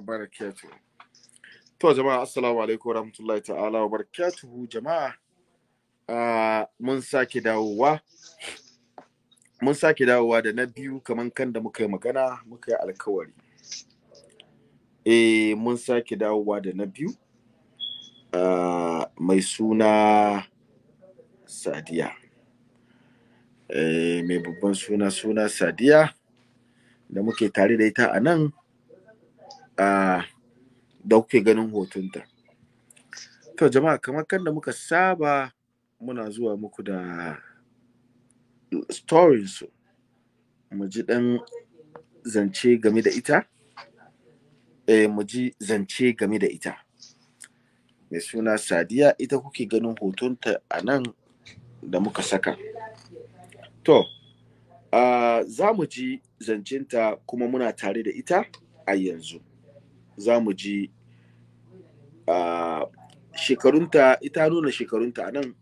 wa to jama'a assalamu alaikum warahmatullahi ta'ala wa barakatuhu jama'a mun sake dawowa mun sake dawowa da na biyu kaman kan da muka yi magana muka yi alkawari eh mun sake dawowa da na biyu mai suna sadiya eh mai babban suna suna sadiya da muke tare da ita a nan da kuke ganin hotonta to jama'a kamar kan muka saba muna zuwa muku da storinsu mu ji ɗan zance game da ita eh, mu ji zance game da ita mai suna sadiya ita kuke ganin hotonta a nan da muka saka to uh, za mu ji zancenta kuma muna tare da ita a yanzu za mu ji shekarunta ita nuna shekarunta a nan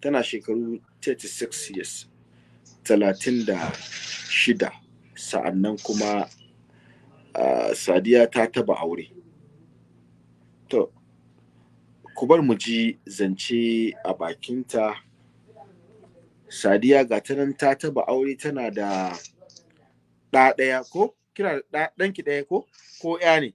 tana shekaru 36 years 36 sa'annan kuma sadiya ta taba aure to ku bar mu ji zance a bakinta sadiya ga ta nan ta taba aure tana da ɗaya ko kina da ɗanki ɗaya ko ko ya ne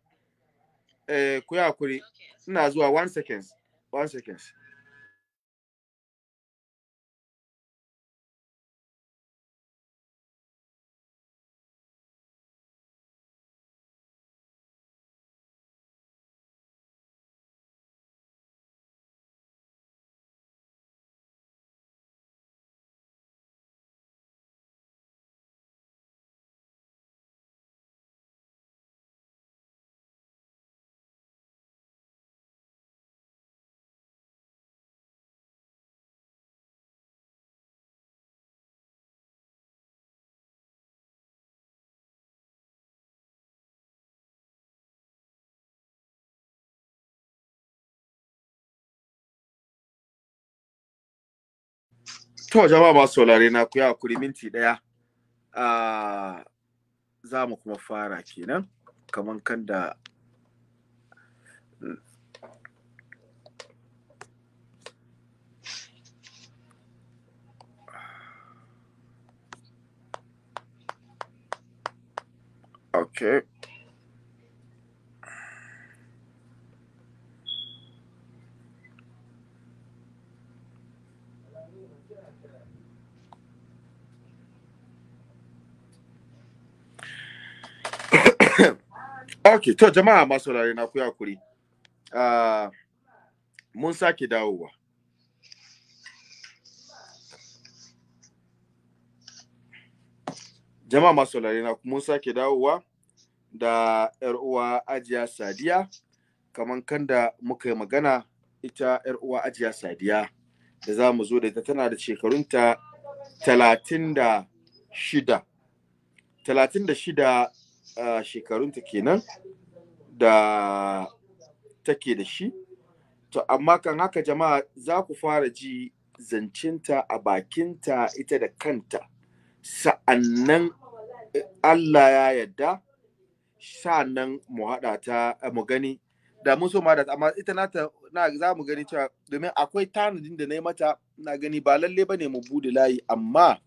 eh kuya yi okay. ina zuwa one seconds one seconds To jama'a masu saurare na ku ya kuri minti daya a za mu kuma fara kenan kamar kan da mm. Okay. ok to jama'a masu rari na kuya kuri uh, ah, mun sake dawowa jama'a masu rari na mun sake dawowa da uwa ajiya sadiya kamar Kanda muka yi magana ita yar uwa ajiya sadiya da za mu zo da ita tana da shekarunta talatin da shida talatin da shida uh, shekarunta kenan da take da shi to amma kan haka jama'a za ku fara ji zancinta a bakinta ita da kanta sa'annan eh, Allah ya yadda sa'annan mu haɗa ta eh, mu gani da mun so mu da amma ita ta na za mu gani cewa domin akwai tanadin da na yi mata na gani ba lalle ba ne mu bude layi amma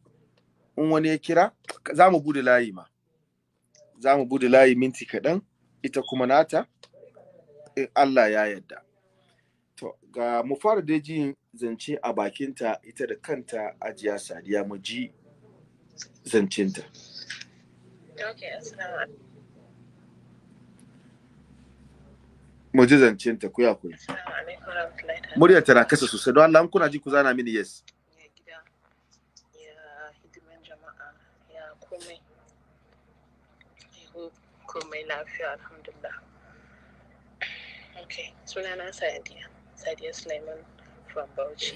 in wani ya kira za mu bude layi ma za mu bude layi minti kaɗan ita kuma nata in Allah ya yarda. To ga mu fara da ji zance a bakinta ita da kanta ajiya sadiya mu ji zancinta. Mu ji zancinta ku ya Murya tana kasa sosai don Allah kuna ji ku zana mini yes. ko komai lafiya alhamdulillah suna sunana sadiya sadiya sulaiman from bauchi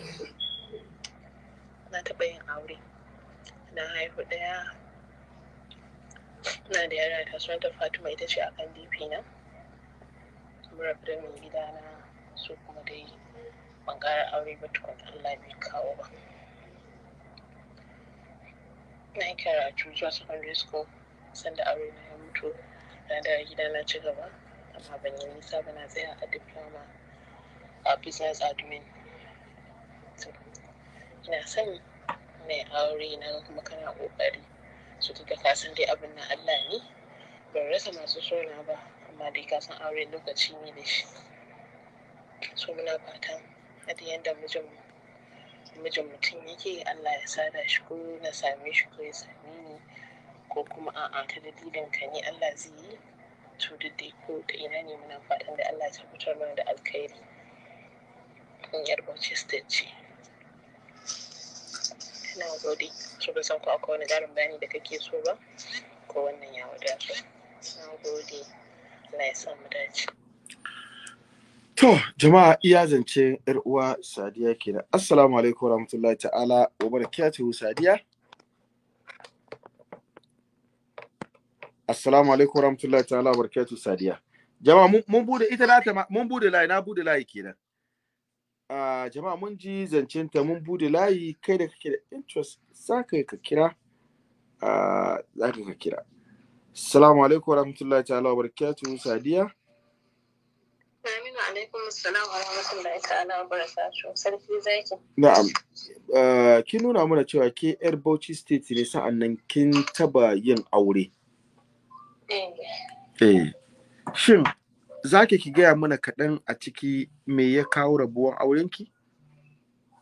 na taɓa yin aure na haihu ɗaya na da yara ta sunanta fatima ita ce a kan dp na murabba gida na su kuma dai ban aure ba tukun allah bai kawo ba na yi karatu zuwa secondary school sanda aure na ya mutu na da gida na ci gaba amma ban yi nisa ba na tsaya a diploma a business admin ina son mai aure na kuma kana kokari su ka kasan dai abin na Allah ne ban rasa masu sona ba amma dai kasan aure lokaci ne da shi so muna fatan a da yadda mijin mijin mutum yake Allah ya sada shi ko na same shi ko ya same ni ko kuma a'a ta dalilin ka ne Allah zai yi to da dai ko ta ina ne muna fatan da Allah ta fitar mana da alkhairi in yar Bauchi state ce na gode so ba san ko akwai wani ƙarin bayani da kake so ba ko wannan ya wadata na gode Allah ya sa mu dace To, jama'a iya zance uwa Sadiya kenan. Assalamu alaikum warahmatullahi ta'ala wa barakatuhu Sadiya. Assalamu alaikum warahmatullahi ta'ala barakatu Sadiya. Jama'a mun bude ita na ta mun bude layi na bude layi kenan. Ah jama'a mun ji zancen ta mun bude layi kai da kake da interest za ka kira Ah za ka ka kira. Assalamu alaikum warahmatullahi ta'ala barakatu Sadiya. Aminu alaikum assalamu warahmatullahi ta'ala barakatu sarki zaki. Na'am. Uh, kin nuna mana cewa ke yar Bauchi state ne sa'annan kin taba yin aure. Eh. Shin za ki gaya mana kaɗan a ciki me ya kawo rabuwan aurenki?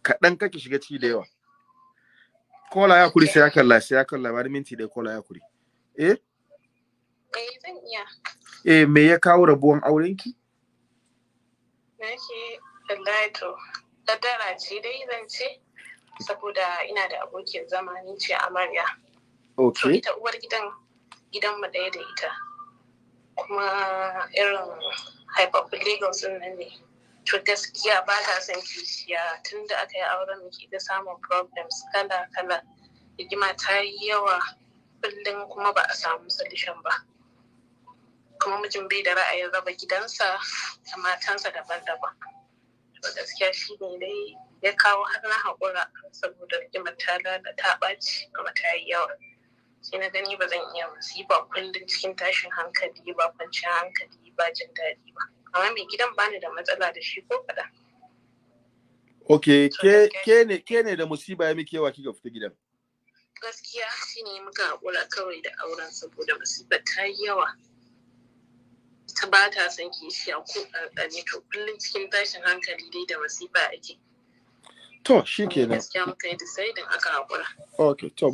Kaɗan kake shiga ciki da yawa. Kola ya kuri sai ya kalla sai ya kalla bari minti da kola ya kuri. Eh? Eh zan iya. Eh me ya kawo rabuwan aurenki? Na ce wallahi to kaddara ce dai zan ce saboda ina da abokin zama ni ce amarya. Okay. ita uwar gidan gidanmu ɗaya da ita kuma irin haifafin lagos nan ne to gaskiya ba ta son kishiya tun da aka yi auren muke ta samun problems kala kala rigima ta yi yawa kullum kuma ba a samu solution ba kuma mijin bai da ra'ayin raba gidansa da matansa daban-daban to gaskiya shi ne dai ya kawo har na haƙura saboda rigimar ta lalata ɓaci kuma ta yi yawa sai na gani ba zan iya musu ba kullum cikin tashin hankali ba kwanciyar hankali ba jin daɗi ba amma mai gidan bani da matsala da shi ko kaɗan. ok ke ne da musiba ya muke yawa kika fita gidan gaskiya shi ne muka haƙura kawai da auren saboda musibar ta yi yawa ta ba ta son kishiya ko ƙarƙari to kullum cikin tashin hankali dai da musiba ake To shi ke nan. Ok, to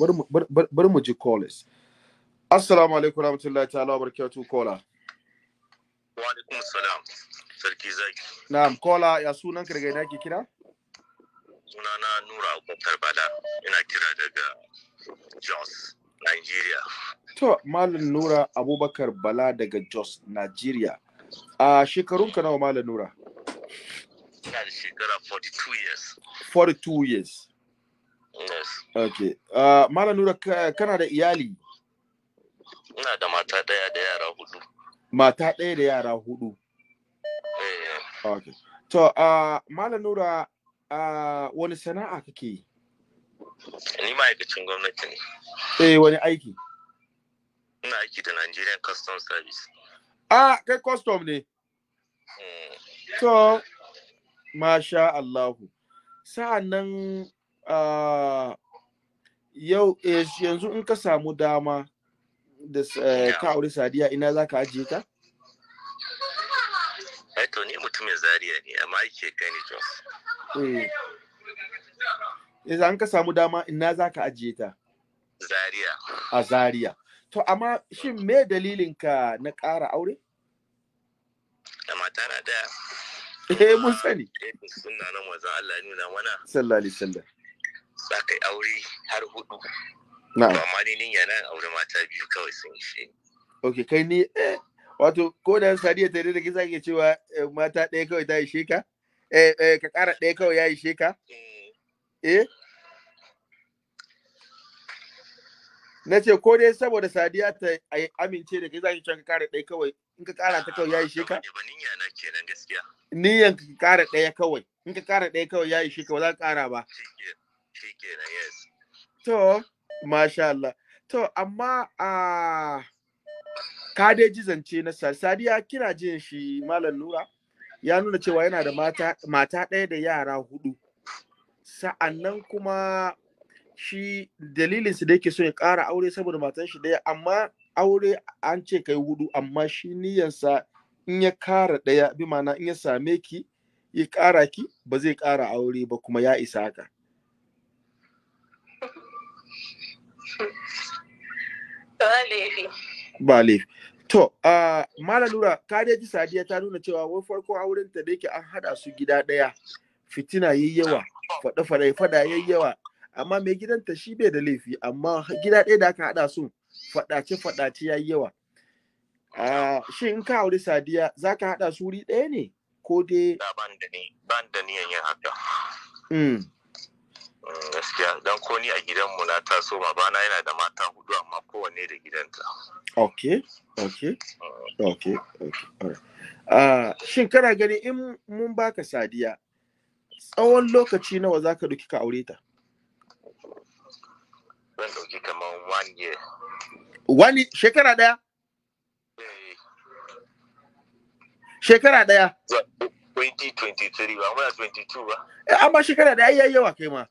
bari mu ji callers. Assalamu alaikum rahmatullahi ta'ala wa barakatuh kola. Wa alaikum salam. Sarki zaki. Na'am kola ya sunan ka daga ina ke kira? Sunana Nura Abubakar Bala ina kira daga Jos, Nigeria. To Malam Nura Abubakar Bala daga Jos, Nigeria. A ah, shekarunka nawa Malam Nura? ina da shekara 42 years 42 years yes okay uh, malam nura kana da iyali ina da mata daya da yara hudu mata daya da yara hudu yeah. okay to uh, malam nura uh, wani sana'a kake yi ni ma'aikacin gwamnati ne eh wani aiki ina aiki da Nigerian Customs Service ah kai custom ne eh. to masha Allahu sa'annan yau eh, yanzu in ka samu dama da eh, ka aure sadiya ina za ka ajiye ta? Eh, to ni mutumin zaria ne amma yake gani jos yanzu an ka samu dama ina za ka ajiye ta? zaria a zaria to amma shin me dalilin ka na ƙara aure? da mata na daya eh mun sani suna nan manzo Allah nuna mana sallallahu alaihi wasallam za ka yi aure har hudu na'am amma ni nin yana aure mata biyu kawai sun shi okay kai ni eh wato ko da sadiya ta da kisa ke cewa eh, mata ɗaya kawai ta yi sheka, eh eh ka ƙara ɗaya kawai ya yi sheka? Eh. eh na ce ko dai saboda sadiya ta amince da kai zaki ki can ka kara ɗaya kawai in ka kara ta kawai ya yi sheka? Ba ninya na kenan gaskiya. niyan ka kara ɗaya kawai in ka kara ɗaya kawai ya ishe ka ba za ka kara ba to masha Allah to amma a ka dai ji zance na sadiya kina jin shi malam nura ya nuna cewa yana da mata mata ɗaya da yara hudu sa'annan kuma shi dalilin su da yake so ya kara aure saboda matan shi ɗaya amma aure an ce kai hudu amma shi niyansa in ya kara ɗaya bi ma'ana in ya same ki ya ƙara ki ba zai ƙara aure ba kuma ya isa haka ba laifi to a mala lura ji sadiya ta nuna cewa wai farko auren ta da yake an haɗa su gida ɗaya fitina yayi yawa faɗa faɗa yayi yawa amma mai gidanta shi bai da laifi amma gida ɗaya da aka haɗa su faɗace faɗace yayi yawa shi in ka aure sadiya za ka haɗa su wuri ɗaya ne ko dai ban da niyan yin haka mm. Mm, gaskiya don ko ni a gidanmu na taso babana yana da mata hudu amma kowanne da gidanta ok ok mm. ok ok shin kana gani in mun baka sadiya tsawon lokaci nawa za ka ɗauki ka aure ta zan ɗauki kamar one year one shekara ɗaya shekara daya 2023 eh, amma shekara daya yayi yawa kai ma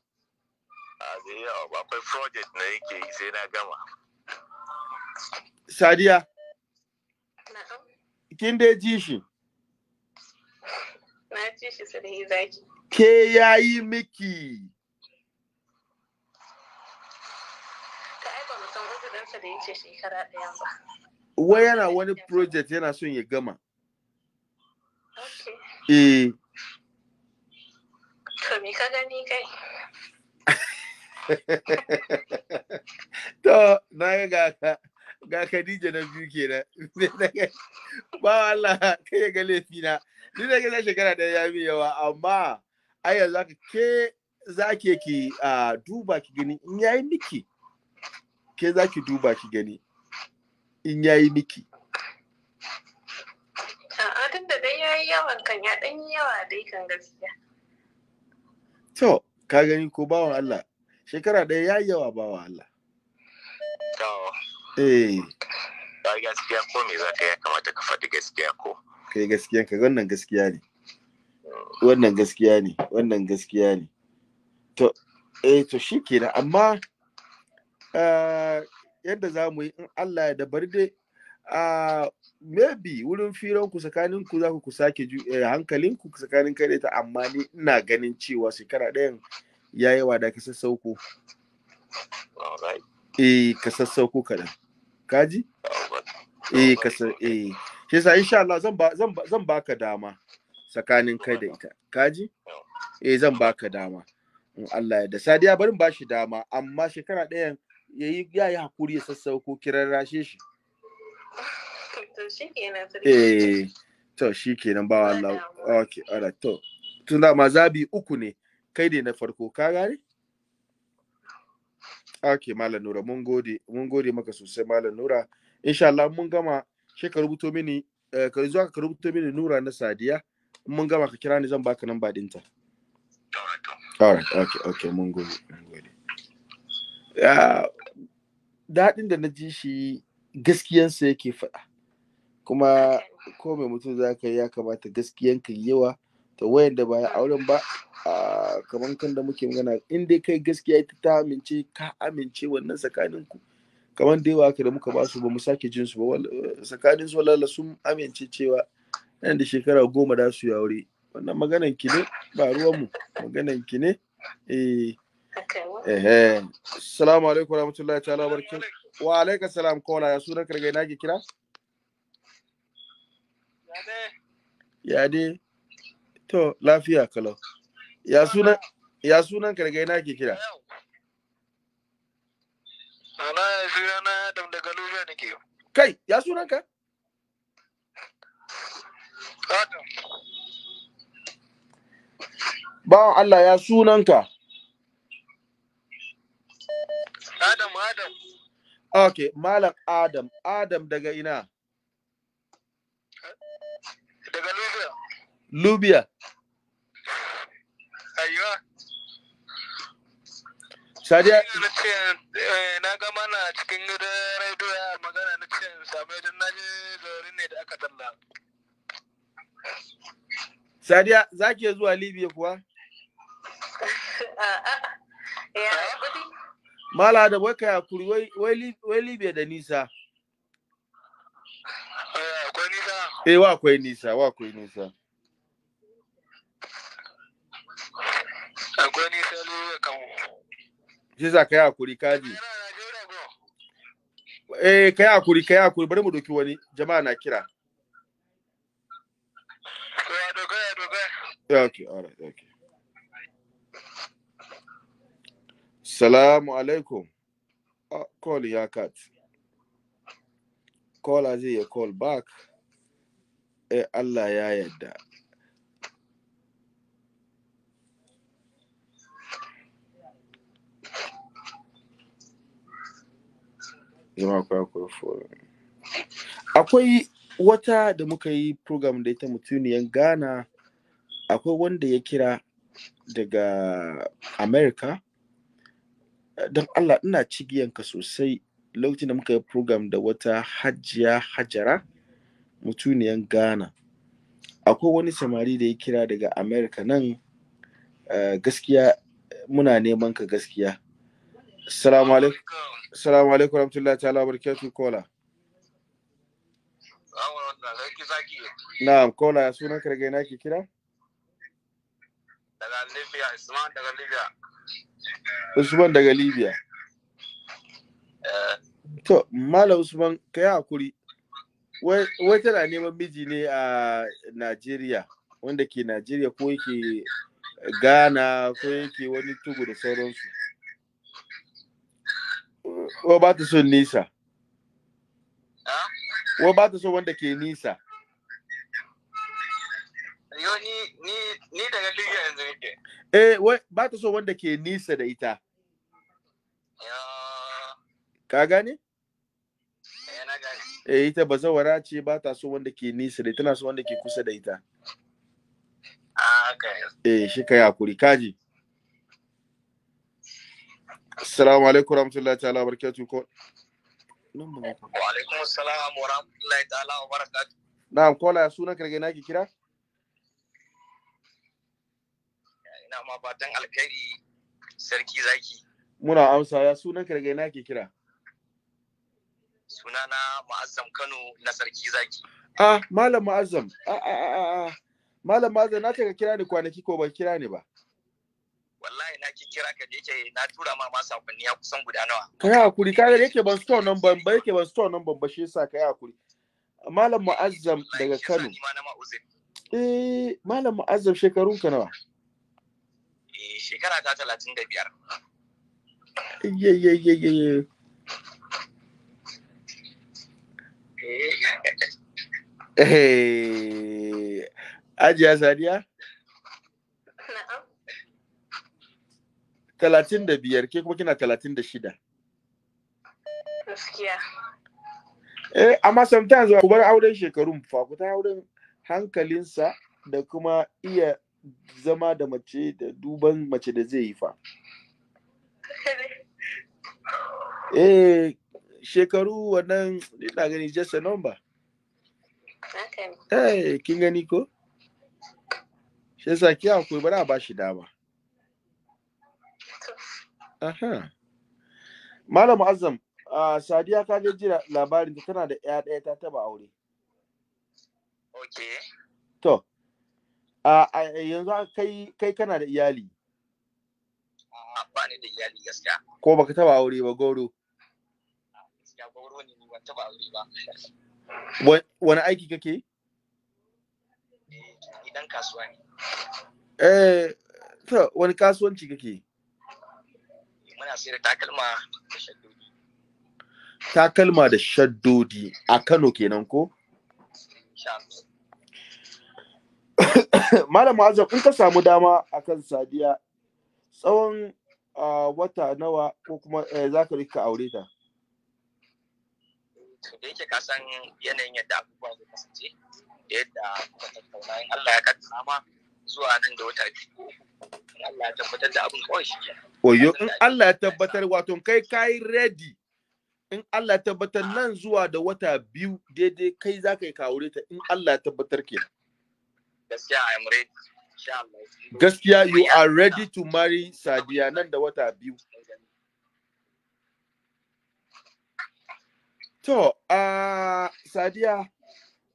a zai yawa akwai project na yake yi sai na gama sadiya kin dai ji shi na ji shi sai dai zaki ke yayi miki wai yana wani project yana son ya gama eh to me ka gani kai to na ga ga ga Khadija na biyu kenan ba Allah kai ga lefi na ni da ga shekara da ya mi yawa amma ai yanzu ka ke zake ki duba ki gani in yayi miki ke zaki duba ki gani in yayi miki A'a duk da dai yi yawan kan ya dan yawa dai kan gaskiya. To, ka gani ko bawan Allah. Shekara ɗaya yayi yawa bawan Allah. To. Eh. Ba gaskiya ko me za ka ya kamata ka faɗi gaskiya ko. Kai gaskiya ka wannan gaskiya ne. Wannan gaskiya ne, wannan gaskiya ne. To, eh to shikenan amma ah, yadda za mu yi in Allah ya da dai A maybe wurin firan ku tsakanin ku za ku sake eh, hankalin ku tsakanin kai ta amma ni ina ganin cewa shekara ɗayan ya yi wa da ka sassauko eh ka sassauko kaɗan kaji eh ka eh shi yasa insha Allah zan ba zan ba zan baka dama tsakanin kai da ita kaji eh zan baka dama in Allah ya da sadiya barin ba shi dama amma shekara ɗayan yayi ya yi hakuri ya sassauko kiran rashe shi eh to shi kenan ba Allah okay all right to tun da ma zabi uku ne kai ne na farko ka gane okay malam nura mun gode mun gode maka sosai malam nura insha Allah mun gama sai ka rubuto mini eh, ka zuwa ka rubuto mini nura na sadiya mun gama ka kira ni zan baka namba dinta all right okay okay mun gode mun gode daɗin da na ji shi gaskiyansa yake faɗa kuma ko mai mutum za ka yi ya kamata gaskiyan yi yawa ta wayan da baya auren ba kamar kan da muke magana in dai kai gaskiya ita ta amince ka amince wannan tsakanin ku kamar da yawa haka da muka ba su ba mu sake jin su ba eh, tsakanin su wala sun amince cewa nan da shekara goma da su aure wannan maganan ki ne ba ruwan mu maganan ki ne eh eh assalamu alaikum warahmatullahi ta'ala barkatuh Wa alaika salam kola ya sunan karga na ke kira? Ya dai. To lafiya kalau. Ya sunan ya sunan karga na ke kira? ala ya sunan Adam daga Lubiya nake. Kai, ya sunan ka? Adam. Bawan Allah ya sunan ka? Okay, Malam Adam. Adam daga ina? Daga Lubia. Lubia. Ayuwa. Sadiya. Eh, na ga mana cikin gidan raido ya magana na ce same don na je zauri ne da aka talla. Sadiya, za ki zuwa Libya kuwa? A'a, ya gudu. mala da wai ya hakuri wai libya da nisa eh, akwai nisa eh wa akwai nisa wa akwai nisa akwai nisa lura kan shi za ka yi hakuri kaji eh kai hakuri kai hakuri bari mu doki wani jama'a na kira eh, Okay, all right, okay. Salamu alaikum. Ah, call ya cut. Call zai ya call back. Eh Allah ya yadda. Akwai wata da muka yi program da ita mutuniyar Ghana, akwai wanda ya kira daga America. don Allah ina cigiyanka sosai lokacin da muka yi program da wata hajjiya hajara mutuniyan Ghana akwai wani samari da ya kira daga America nan eh, gaskiya muna neman ka gaskiya Assalamu alaikum Assalamu alaikum warahmatullahi ta'ala barakatuh kola Na'am kola sunan ka daga ina ke kira Daga Libya Isma daga Libya Usman daga Libya. To, Mala Usman, ka yi hakuri. Wai tana neman miji ne a Najeriya, wanda ke Najeriya ko yake Ghana ko yake wani tugu da sauransu. Wa ba ta son nisa. Wa ba ta son wanda ke nisa. Yo, ni daga Libya yanzu yake. Eh, ba ta so wanda ke nisa da ita. Ka gane? Eh, eh ita ba zawara ce ba ta so wanda ke nisa da ita, tana so wanda ke kusa da ita. Ah, eh, shi ka yi kaji. Assalamu alaikum warahmatullahi ta'ala wa barakatuh ko. Wa alaikum assalam wa rahmatullahi ta'ala wa barakatuh. Na'am, kola sunan karge naki kira? ina ma dan alkhairi sarki zaki muna amsa ya sunan ka daga ina ke kira sunana ma'azzam kano na sarki zaki ah malam ma'azzam ah ah ah, ah. malam ma'azzam na ka kira ni kwanaki ko ba kira ni ba wallahi na ki kira ka yake na tura ma ma sakonni ya kusan guda nawa kai hakuri kaga yake ban store nan ban ba yake ban store nan ban ba shi yasa kai hakuri malam mu'azzam daga Kano eh malam mu'azzam shekarun ka nawa shekara ta talatin da biyar. Eh. Ajiya Sadiya? Talatin da biyar, ke kuma kina talatin da shida. Eh, amma sometimes ku bar auren shekarun fa, ku ta auren hankalinsa da kuma iya zama da mace da duban mace da zai yi fa eh shekaru wannan ina gani just a number eh kin gani ko shi yasa ki akwai bara ba shi dama aha malam azam uh, sadiya ka ga ji labarin tana da ɗaya, ɗaya ta taba aure okay to a yanzu kai kai kana da iyali ba ni da iyali gaskiya ko baka taba aure ba goro gaskiya goro ne ni ban taba aure ba wani aiki kake idan eh, kasuwa ne eh to wani kasuwanci kake muna sayar takalma da shaddodi takalma da shaddodi a Kano kenan ko malam azab kun ka samu dama akan sadiya tsawon wata nawa ko kuma eh, za ka rika aure ta da yake ka san yanayin yadda abubuwa zai kasance da yadda kuma tattauna in Allah ya kaddara ma zuwa nan da wata biyu in Allah ya tabbatar da abin kawai shi oyo in Allah ya tabbatar wato kai kai ready in Allah ya tabbatar nan zuwa da wata biyu daidai kai za ka yi ka aure ta in Allah ya tabbatar kenan gaskiya I'm ready gaskiya you are ready to marry Sadiya nan da wata biyu to a ah, Sadiya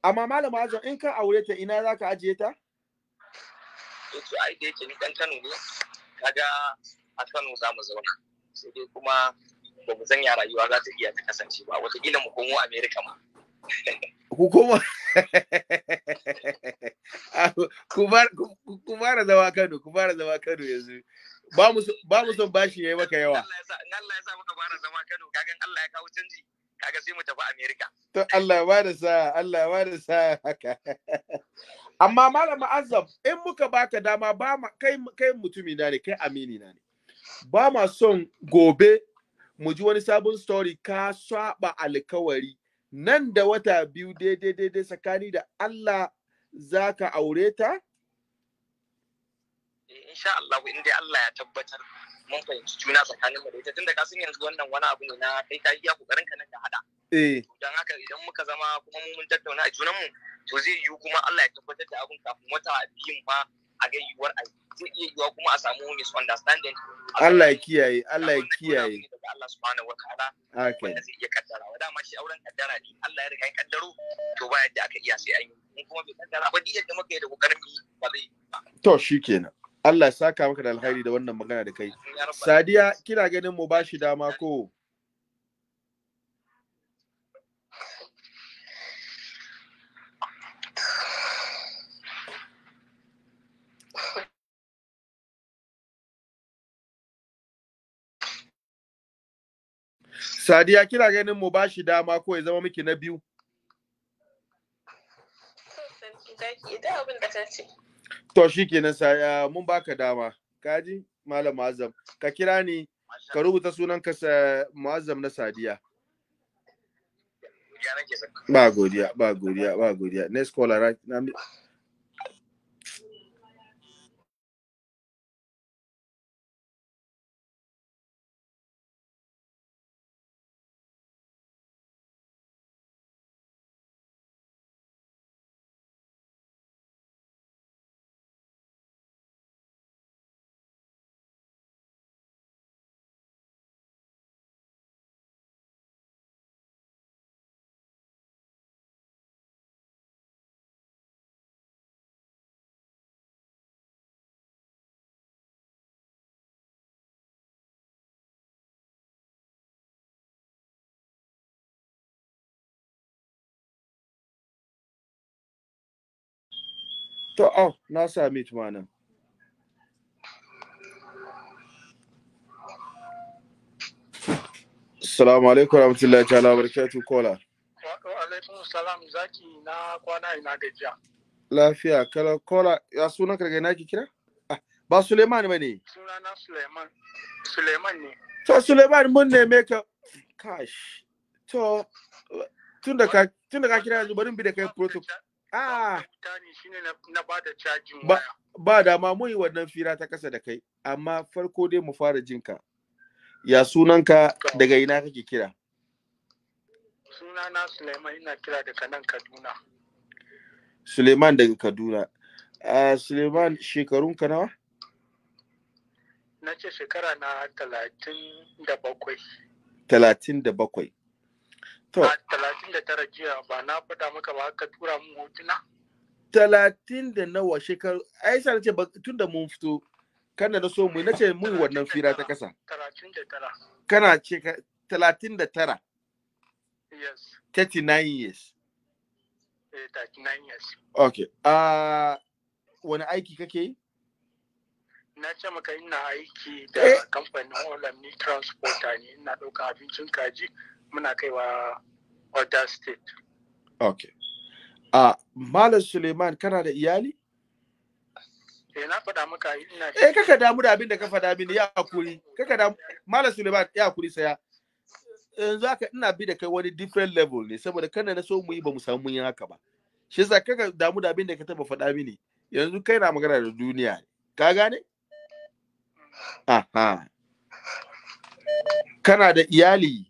amma Malam Azon in ka aure ta ina za ka ajiye ta eh, to a ide yake ni kan Kano ne kaga a Kano za mu zauna sai dai kuma ba mu zanya rayuwa za ta iya ta kasance ba wataƙila mu komo Amerika ma ku koma ku fara zama Kano ku fara zama Kano yanzu ba mu son bashi yayi maka yawa Allah ya sa muka fara zama Kano kagan Allah ya kawo canji kaga sai mu tafi America to Allah ba da sa Allah ba da sa haka amma Malama Azam in muka baka dama ba kai kai mutumi na ne kai amini na ne ba ma son gobe mu ji wani sabon story ka saba alkawari nan da wata biyu daidai daidai tsakani da Allah za ka aure ta? Eh, insha Allah in dai Allah ya tabbatar mun fahimci juna tsakanin mu da ita tunda kasan yanzu wannan wani abu ne na kai ta iya kokarin ka nan da hada. Eh. Dan haka idan muka zama kuma mun tattauna a mu to zai yiwu kuma Allah ya tabbatar da abun kafin wata biyun ma a ga yiwuwar a zai iya yiwuwa kuma a samu misunderstanding Allah ya kiyaye Allah ya kiyaye Allah subhanahu wataala wanda zai iya kaddara wa dama shi auren kaddara ne Allah ya riga ya kaddaro to ba yadda aka iya sai an yi in kuma bai kaddara ba diyar da muka yi da kokarin ba zai to shi kenan. Allah ya saka maka da alkhairi da wannan magana da kai Sadiya kina ganin mu bashi dama ko Sadiya kina ganin mu ba shi dama ko ya zama miki na biyu. To shi kenan saya mun baka dama. Kaji Malam Muazzam ka kira ni ka rubuta sunan ka Muazzam na Sadiya. Ba godiya, ba godiya, ba godiya. Next caller, right? To, oh, na sami tumanin. Salamu alaikum warahmatullahi ta'ala barakatuh kola. Wa alaikum salam zaki na kwana ina gajiya. Lafiya kala kola ya sunan ka daga ki kira? Ah, ba Suleiman ba ne? Sunana Suleiman. Suleiman ne. To Suleiman mun me ka kash. To tun da ka kira yanzu bari bi da kai protocol. Ah. Ba, ba dama mun yi wannan fira ta kasa da kai, amma farko dai mu fara jinka. Ya sunanka daga ina kake kira? Sunana Suleiman ina kira daga nan Kaduna. Suleiman daga Kaduna. Uh, Suleiman shekarunka nawa? Na ce shekara na talatin da bakwai. Talatin da bakwai. Talatin da tara jiya ba na faɗa maka ba ka tura mun hotuna. Talatin da nawa shekaru ai sa ce tun da mun fito kan da so mu nace mun wannan fira ta kasa. Talatin da tara. Kana ce talatin da tara. Yes. 39 years. Eh, 39 years. Okay. Uh, wani aiki kake yi? na ce maka ina aiki da eh. kamfanin olam ni transporter ne ina ɗauka abincin kaji muna kaiwa order state okay a malam suleiman kana da iyali eh na faɗa maka ina eh kaka damu da abin da ka faɗa mini ya hakuri kaka damu malam suleiman ya hakuri saya yanzu haka ina bi da kai wani different level ne saboda kana na so mu yi ba mu samu mun yi haka ba shi yasa kaka damu da abin da ka taba faɗa mini yanzu kai na magana da duniya ka gane mm. aha kana da iyali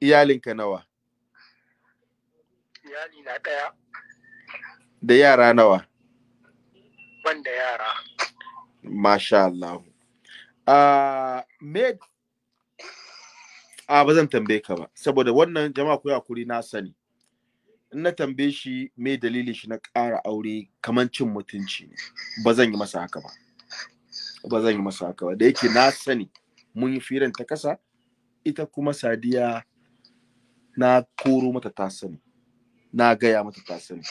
iyalinka nawa iyali na ɗaya da yara nawa ban da yara masha Allah uh, me a ah, bazan zan tambaye ka ba saboda wannan jama'a ku hakuri na sani in na tambaye shi me dalili shi na ƙara aure kamar cin mutunci ne ba zan yi masa haka ba ba yi masa haka ba da yake na sani mun yi firan ta kasa ita kuma sadiya na koro mata ta sani na gaya mata ta sani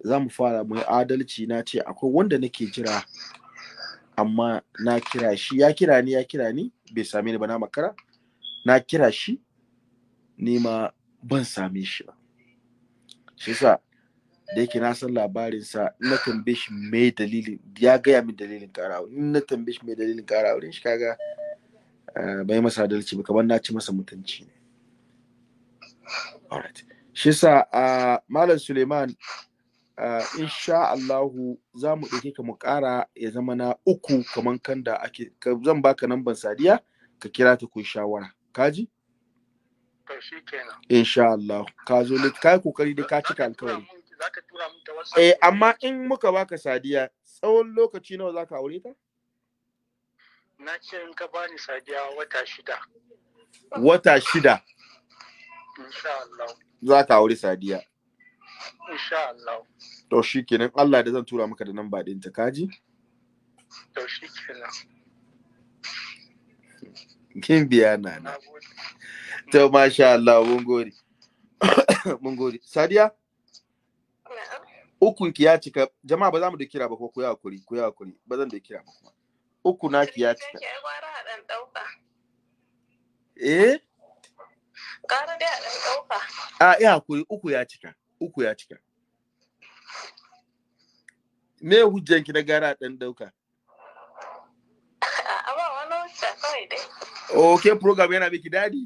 za mu fara mu adalci na ce akwai wanda nake jira amma na kira shi ya kira ni ya kira ni bai same ni ba na makara na kira shi ni ma ban same shi ba shi sa da yake na san labarinsa na tambaye shi mai dalilin ya gaya min dalilin kara in na tambaye shi mai dalilin kara wurin shi kaga eh, bai masa adalci ba kamar na ci masa mutunci ne alright shi sa uh, ah, malam suleiman uh, insha Allahu za mu ɗauke ka mu ƙara ya zama na uku kamar kan da ake zan baka namban sadiya ka kira ta kun shawara kaji insha Allah ka zo ka kai kokari da ka cika alkawari eh amma in muka baka sadiya tsawon lokaci nawa zaka aure ta na ce in ka bani sadiya wata shida wata shida Insha Allah. Za ka aure Sadiya. Insha Allah. To shi kenan Allah da zan tura maka da nan ba ɗinta kaji? To shi kenan. Kin biya na na. To masha Allah mun gode. mun gode. Sadiya? Ukun ki ya cika jama'a ba za mu da kira ba ko ku ya hakuri ku ya hakuri ba zan da kira ba kuma. Uku na ki ya cika. Eh? ƙara dai a ɗauka. A iya hakuri uku ya cika, uku ya cika. Me hujjanki na gara a ɗan ɗauka? A ba wani hujja kawai dai. Ok, program yana miki daɗi?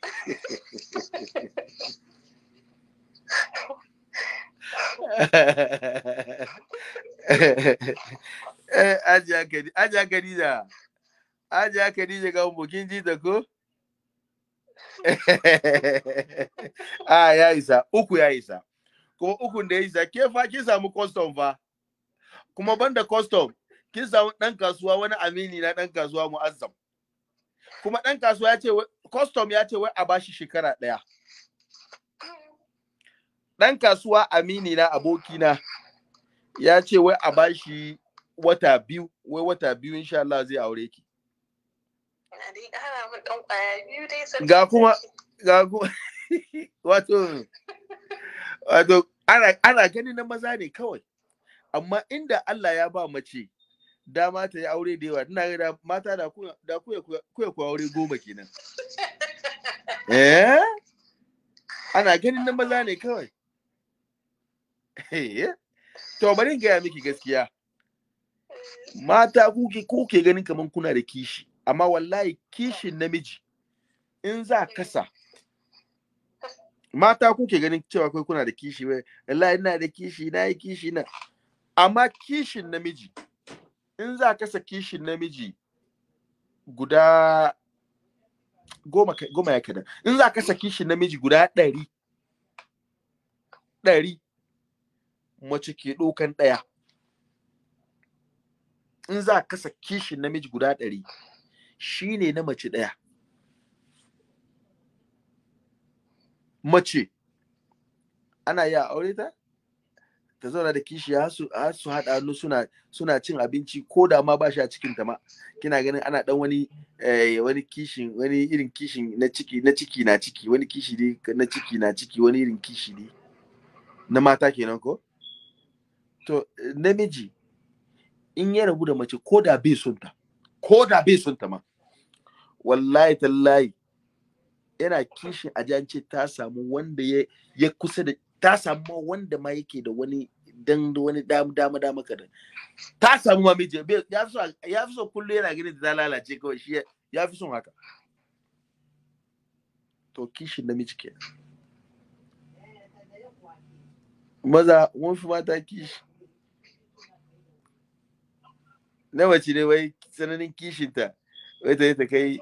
Eh, Ajiya Khadija, Ajiya Khadija ga mu kin ji ta ko? Ah ya isa uku ya isa kuma ukun da ya isa ke fa kin samu custom fa kuma banda custom kin samu dan kasuwa wani amini na dan kasuwa mu'azzam kuma dan kasuwa ya ce custom ya ce wai a bashi shekara daya dan kasuwa amini na aboki na ya ce wai a bashi wata biyu wai wata biyu insha Allah zai aure ki ga kuma ga kuma wato wato ana gani na maza ne kawai amma inda Allah ya ba mace dama ta yi aure da yawa tana ga mata da da kuya kuwa aure goma kenan eh ana ganin na maza ne kawai eh? to bari in gaya miki gaskiya eh. mata kuke kuke ganin kaman kuna da kishi amma wallahi kishin namiji in za kasa mata kuke ganin cewa kai kuna da kishi mai wallahi ina da kishi na yi kishi na amma kishin namiji in za kasa kishin namiji guda goma, goma ya kadan in za kasa kishin namiji guda ɗari ɗari mace ke ɗokan ɗaya in za kasa kishin namiji guda ɗari shine na mace ɗaya mace ana yi a aure ta ta zauna da kishi har su haɗa hannu suna suna cin abinci ko da ma ba shi a cikin ta ma kina ganin ana dan wani eh, wani kishin wani irin kishin na ciki na ciki na ciki wani kishi ne na ciki na ciki wani irin kishi ne na mata kenan ko to namiji in ya rabu da mace ko da bai son ta ko da bai son ta ma wallahi tallahi yana kishin ce ta samu wanda ya kusa da ta samu ma wanda ma yake da wani dan da wani dama dama dama kadan ta samu ma miji ya fi so ya fi so kullu yana ganin ta lalace kawai shi ya fi son haka to kishin namiji kenan maza mun fi mata kishi na mace ne wai tsananin kishinta wai ta ta kai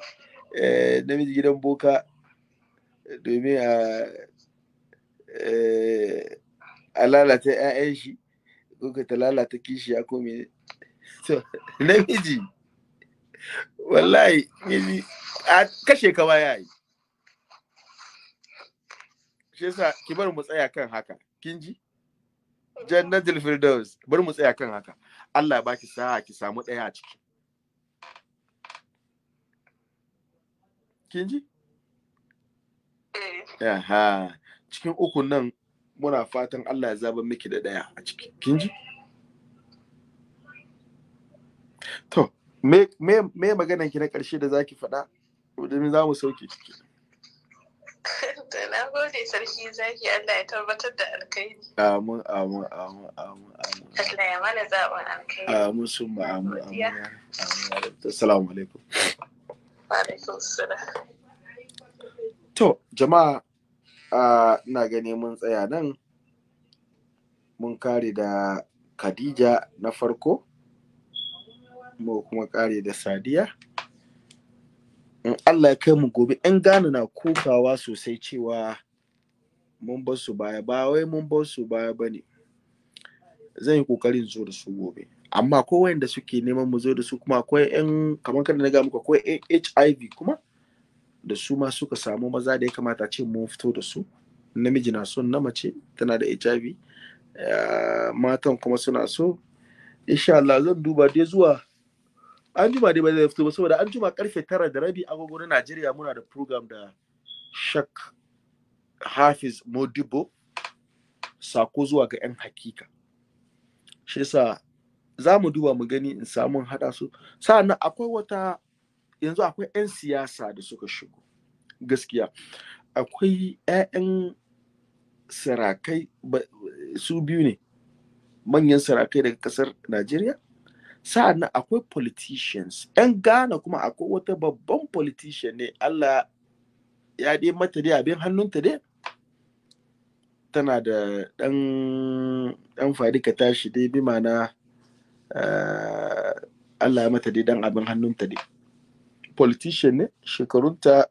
eh, namiji gidan boka domin a eh, lalata 'ya'yan shi ko ka ta lalata kishi ya kome namiji wallahi miji a kashe kama ya yi shi yasa ki bar mu tsaya kan haka kin ji jannatul firdaus bar mu tsaya kan haka Allah baki sa'a ki samu ɗaya a ciki kin ji Eh. cikin uku nan muna fatan Allah ya zaba miki da daya a ciki kin to me me me ki na karshe da zaki faɗa domin za mu sauke ciki to na gode sarki zaki Allah ya tabbatar da alkhairi amin amin amin amin Allah ya mana zaɓin alkhairi amin sun ma amin assalamu alaikum To, jama'a ina gani mun tsaya nan mun kare da Khadija na farko, mu kuma kare da Sadiya. In Allah ya kai mu gobe, ‘yan gane na kukawa sosai cewa mun bar su baya, ba wai mun bar su baya ba ne. Zan yi ƙoƙarin zo da su gobe. amma ko wayanda suke neman mu zo da su kuma akwai yan kamar kada na ga muku akwai HIV kuma da su ma suka samu maza da ya kamata ce mun fito da su namiji na son na mace tana da HIV eh, matan kuma suna so insha Allah zan duba dai zuwa an juma dai ba zai fito ba saboda an juma karfe tara da rabi agogo na Najeriya muna da program da Shak Hafiz Modibo sako zuwa ga 'yan hakika. Shi yasa za mu duba mu gani in samun haɗa su sa'annan akwai wata yanzu akwai 'yan siyasa da suka shigo gaskiya akwai 'ya'yan sarakai su biyu ne manyan sarakai daga ƙasar najeriya sa'annan akwai politicians 'yan ghana kuma akwai wata babban politician ne allah ya dai mata dai abin hannunta dai tana da ɗan ɗan fadi ka tashi dai bi ma'ana Eh, Allah ya mata dai dan abin hannunta dai politician ne shekarunta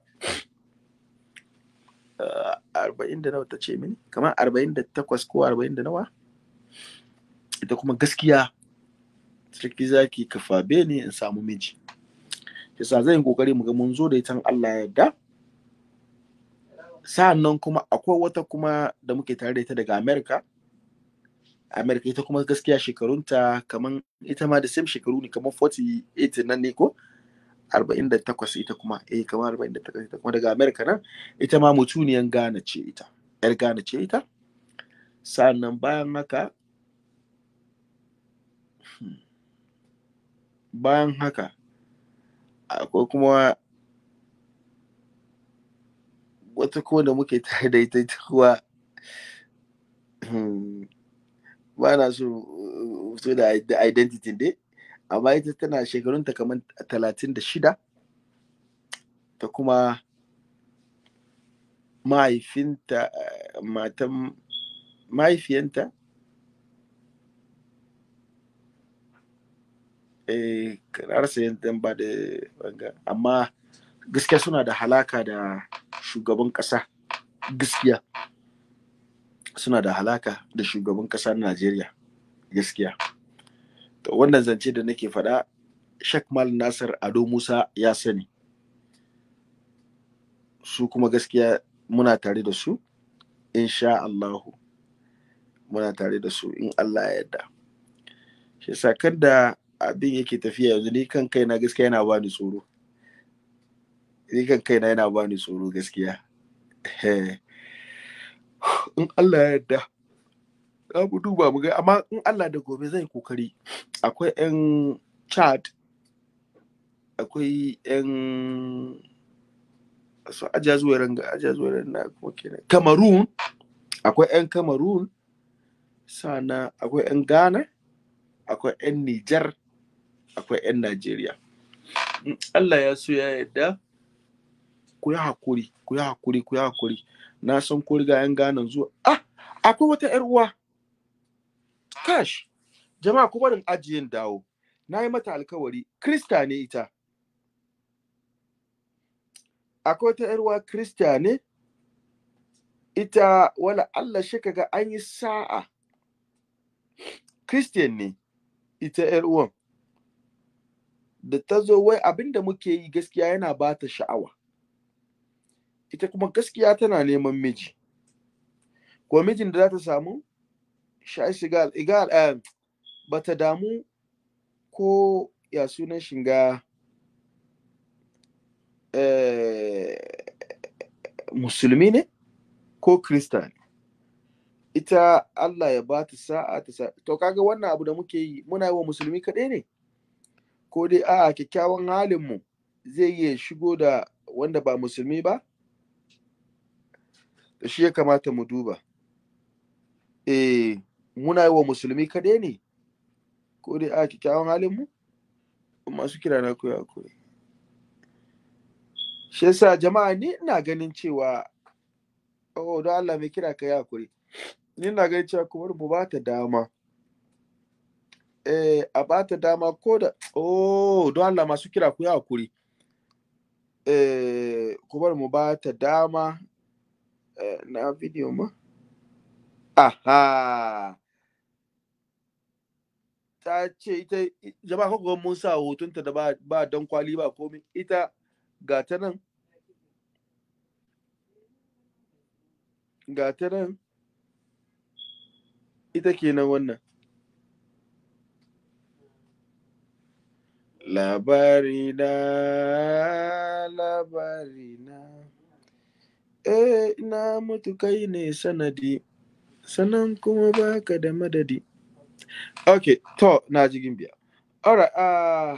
eh, arba'in da nawa ta ce mini kamar arba'in da takwas ko arba'in da nawa ita kuma gaskiya sarki zaki ka fabe ne in samu miji yasa zan yi kokari mu ga mun zo da ita Allah ya yarda sa'an kuma akwai wata kuma da muke tare da ita daga America Amerika ita kuma gaskiya shekarunta kaman ita ma da same shekaru ne kaman 48 nan ne ko 48 ita kuma eh kamar 48 ita kuma daga Amerika nan ita ma mutuniyan gane ce ita yar gane ce ita sannan bayan haka hmm, bayan haka akwai kuma wata kuma da muke tare da ita kuwa hmm, ba na so uh, so da identity dai amma ita tana shekarunta kamar talatin da shida ta kuma mahaifinta uh, matan mahaifiyanta eh yantan ba da banga amma gaskiya suna da halaka da shugaban ƙasa gaskiya suna da halaka da shugaban ƙasa na Najeriya gaskiya. To wannan zance da nake faɗa Sheikh Mal Nasir Ado Musa ya sani. Su kuma gaskiya muna tare da su insha Allahu muna tare da su in Allah ya yarda. Shi sakar da abin yake tafiya yanzu ni kan kaina gaskiya yana bani tsoro. Ni kan kaina yana bani tsoro gaskiya. in Allah ya yarda za mu duba mu ga amma in Allah da gobe zai kokari akwai 'yan chat akwai 'yan su ajazuwaren ga ajazuwaren na kuma kenan cameroon akwai 'yan cameroon sana akwai 'yan ghana akwai 'yan niger akwai 'yan nigeria allah ya so ya yarda ku yi hakuri ku yi hakuri ku yi hakuri na san ko riga yan gane zuwa ah akwai wata yar uwa kash jama'a ku barin ajiyin dawo na yi mata alkawari krista ne ita akwai wata yar uwa krista ne ita wala Allah shi kaga an yi sa'a Christian ne ita ‘yar uwan da ta zo wai abin da muke yi gaskiya yana ba ta sha'awa ita kuma gaskiya tana neman miji ko mijin da za ta samu shi shiga igal eh, ba ta damu ko ya sunan shiga eh, musulmi ne ko kristan ita Allah ya ba ta sa'a ta sa'a to kaga wannan abu da muke yi muna yi wa musulmi kaɗai ne ko dai a'a kyakkyawan halin mu zai iya shigo da wanda ba musulmi ba da shi ya kamata mu duba eh muna yi wa musulmi kaɗai ne ko dai a kyakkyawan halin mu masu kira na koya koya shi yasa jama'a ni ina ganin cewa oh don Allah mai kira ka ya kuri ni ina ganin cewa kuma mu ba ta dama eh a ba ta dama ko da oh don Allah masu kira ku ya kuri eh kuma mu ba ta dama Eh, na video ma aha ta ce ita jama'a kuka mun sa hotunta da ba don kwali ba komai ita ga ta nan ga ta nan ita kenan wannan labari na labari na eh na mutu kai ne sanadi sannan kuma baka da madadi okay to na jigin biya alright uh,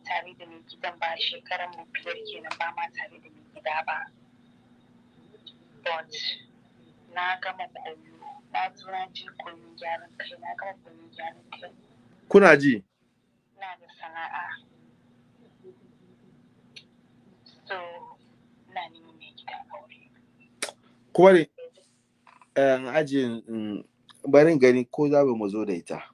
tare da mai gidan ba shekaran mu biyar kenan ba ma tare da mai gida ba but na gama koyo na zo na je koyon gyaran kai na gama koyon gyaran kai kuna ji na da sana'a so na neman mai gida aure kuma eh, ne ajiye barin gani ko za mu zo da ita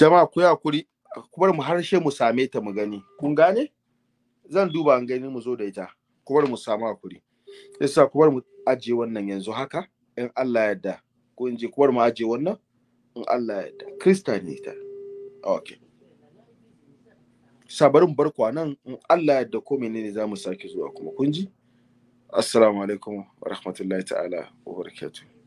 jama'a ku hakuri ku bar mu harshe mu same ta mu gani kun gane zan duba an gani mu zo da ita ku bar mu samu hakuri yasa ku bar mu ajiye wannan yanzu haka in Allah ya yarda ko in je ku bar mu ajiye wannan in Allah ya yarda krista ne ta okay sabarin barkwa nan in Allah ya yarda ko menene za mu sake zuwa kuma kun ji assalamu alaikum wa rahmatullahi ta'ala wa barakatuh